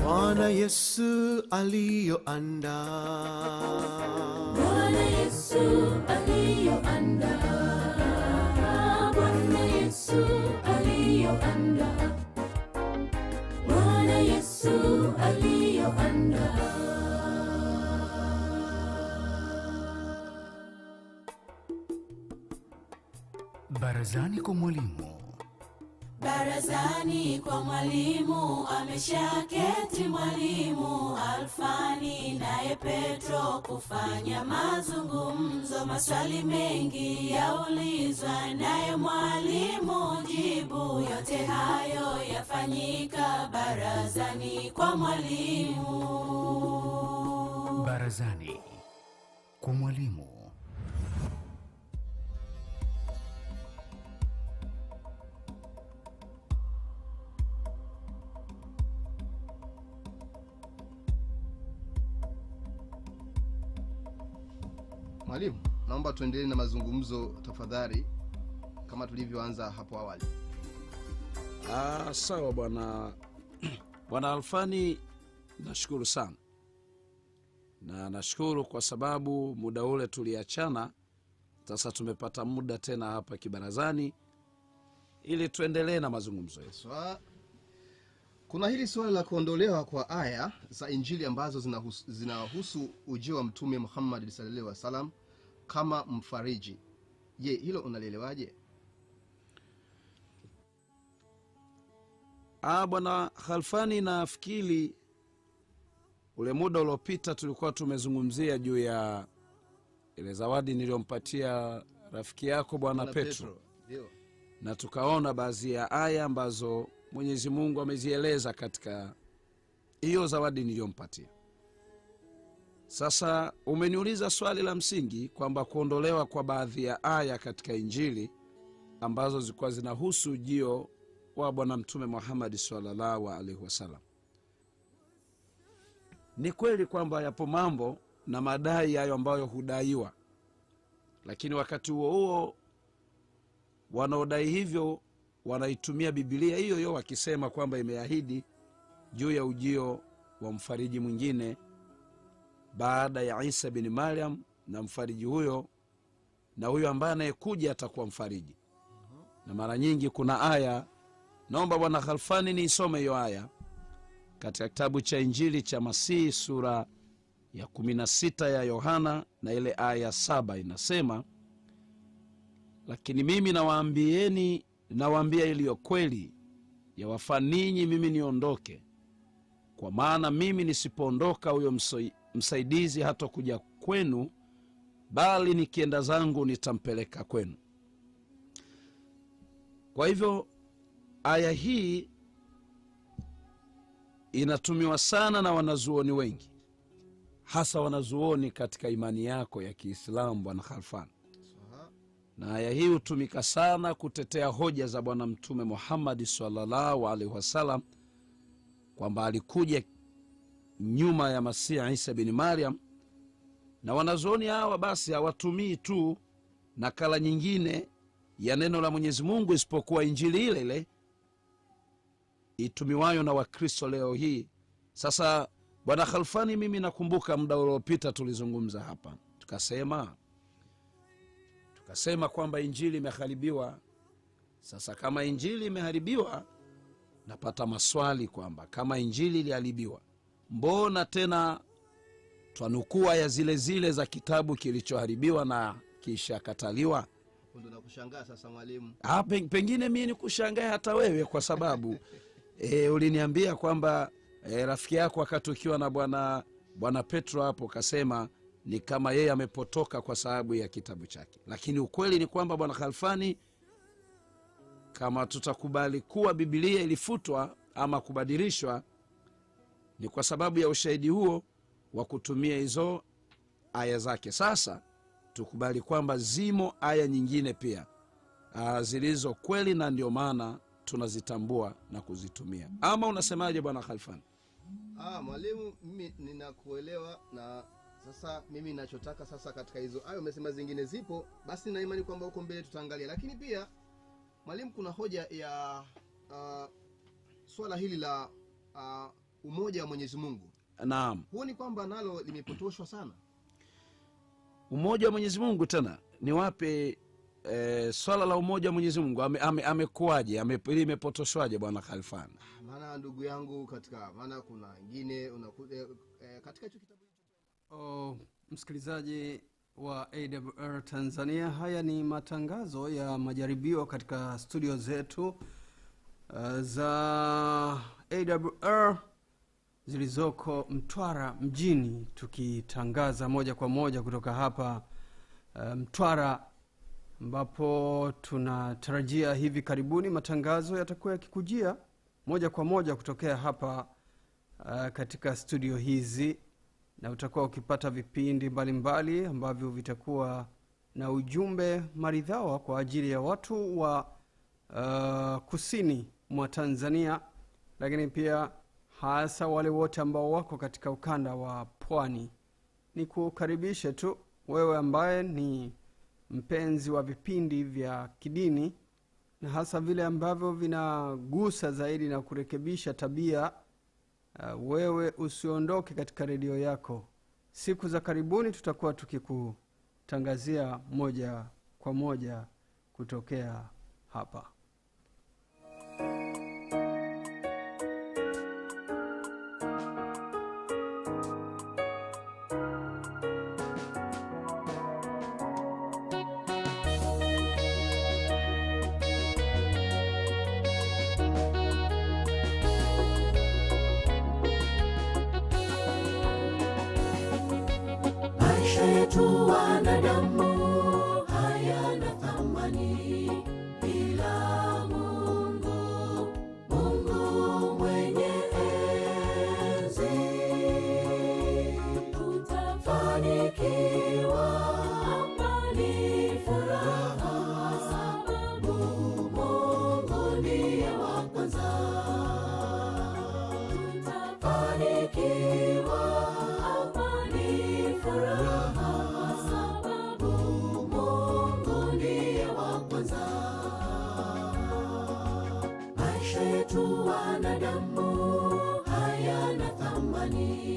Bwana Yesu aliyoandaa, Bwana Yesu aliyoandaa, Bwana Yesu aliyoandaa Barazani kwa mwalimu. Barazani kwa mwalimu, ameshaketi mwalimu Alfani naye Petro kufanya mazungumzo. Maswali mengi yaulizwa, naye mwalimu jibu. Yote hayo yafanyika barazani kwa mwalimu. Barazani kwa mwalimu. Mwalimu, naomba tuendelee na mazungumzo tafadhali, kama tulivyoanza hapo awali. Ah, sawa bwana bwana Alfani, nashukuru sana na nashukuru kwa sababu muda ule tuliachana, sasa tumepata muda tena hapa kibarazani ili tuendelee na mazungumzo yetu. Kuna hili suala la kuondolewa kwa aya za Injili ambazo zinahusu, zina ujio wa Mtume muhammadi sallallahu alaihi kama mfariji. Je, hilo unalielewaje? Ah, bwana Khalfani, nafikiri ule muda uliopita tulikuwa tumezungumzia juu ya ile zawadi niliyompatia rafiki yako bwana Petro, Petro. Na tukaona baadhi ya aya ambazo Mwenyezi Mungu amezieleza katika hiyo zawadi niliyompatia. Sasa umeniuliza swali la msingi kwamba kuondolewa kwa baadhi ya aya katika Injili ambazo zilikuwa zinahusu ujio wa Bwana Mtume muhamadi salllahu alaihi wasallam. Ni kweli kwamba yapo mambo na madai hayo ambayo hudaiwa, lakini wakati huo huo wanaodai hivyo wanaitumia Bibilia hiyo hiyo wakisema kwamba imeahidi juu ya ujio wa mfariji mwingine baada ya Isa bin Maryam na mfariji huyo, na huyo ambaye anayekuja atakuwa mfariji. Na mara nyingi kuna aya, naomba Bwana Khalfani niisome hiyo aya katika kitabu cha Injili cha Masihi sura ya 16 ya Yohana na ile aya saba inasema, lakini mimi nawaambieni, nawaambia iliyo kweli, yawafaa ninyi mimi niondoke, kwa maana mimi nisipoondoka, huyo msaidizi hata kuja kwenu, bali nikienda zangu nitampeleka kwenu. Kwa hivyo aya hii inatumiwa sana na wanazuoni wengi, hasa wanazuoni katika imani yako ya Kiislamu, Bwana Khalfan. Na aya hii hutumika sana kutetea hoja za Bwana Mtume Muhammadi sallallahu alaihi wasallam kwamba alikuja nyuma ya Masihi Isa bini maryam na wanazuoni hawa basi hawatumii tu nakala nyingine ya neno la Mwenyezi Mungu isipokuwa Injili ile ile itumiwayo na Wakristo leo hii. Sasa Bwana Khalfani, mimi nakumbuka muda uliopita tulizungumza hapa, tukasema tukasema kwamba Injili imeharibiwa. Sasa kama Injili imeharibiwa, napata maswali kwamba kama Injili iliharibiwa mbona tena twanukua ya zile zile za kitabu kilichoharibiwa na kisha kataliwa ha, pengine mi ni kushangaa hata wewe kwa sababu e, uliniambia kwamba e, rafiki yako wakati ukiwa na bwana bwana petro hapo kasema ni kama yeye amepotoka kwa sababu ya kitabu chake lakini ukweli ni kwamba bwana khalfani kama tutakubali kuwa bibilia ilifutwa ama kubadilishwa ni kwa sababu ya ushahidi huo wa kutumia hizo aya zake. Sasa tukubali kwamba zimo aya nyingine pia ah, zilizo kweli, na ndio maana tunazitambua na kuzitumia. Ama unasemaje bwana Khalfan? Ah, mwalimu, mimi ninakuelewa na sasa mimi nachotaka sasa, katika hizo aya umesema zingine zipo, basi na imani kwamba huko mbele tutaangalia, lakini pia mwalimu, kuna hoja ya uh, swala hili la uh, umoja wa Mwenyezi Mungu. Naam, huoni kwamba nalo limepotoshwa sana? Umoja wa Mwenyezi Mungu tena ni wape E, eh, swala la umoja wa Mwenyezi Mungu amekuwaje? ame, ame limepotoshwaje bwana khalifan ah, Maana ndugu yangu, katika maana kuna wengine e, katika hicho kitabu oh, msikilizaji wa AWR Tanzania, haya ni matangazo ya majaribio katika studio zetu uh, za AWR zilizoko Mtwara mjini, tukitangaza moja kwa moja kutoka hapa uh, Mtwara ambapo tunatarajia hivi karibuni matangazo yatakuwa yakikujia moja kwa moja kutokea hapa uh, katika studio hizi na utakuwa ukipata vipindi mbalimbali mbali, ambavyo vitakuwa na ujumbe maridhawa kwa ajili ya watu wa uh, kusini mwa Tanzania, lakini pia hasa wale wote ambao wako katika ukanda wa pwani ni kukaribishe tu wewe ambaye ni mpenzi wa vipindi vya kidini na hasa vile ambavyo vinagusa zaidi na kurekebisha tabia uh, wewe usiondoke katika redio yako siku za karibuni tutakuwa tukikutangazia moja kwa moja kutokea hapa yetu wanadamu money.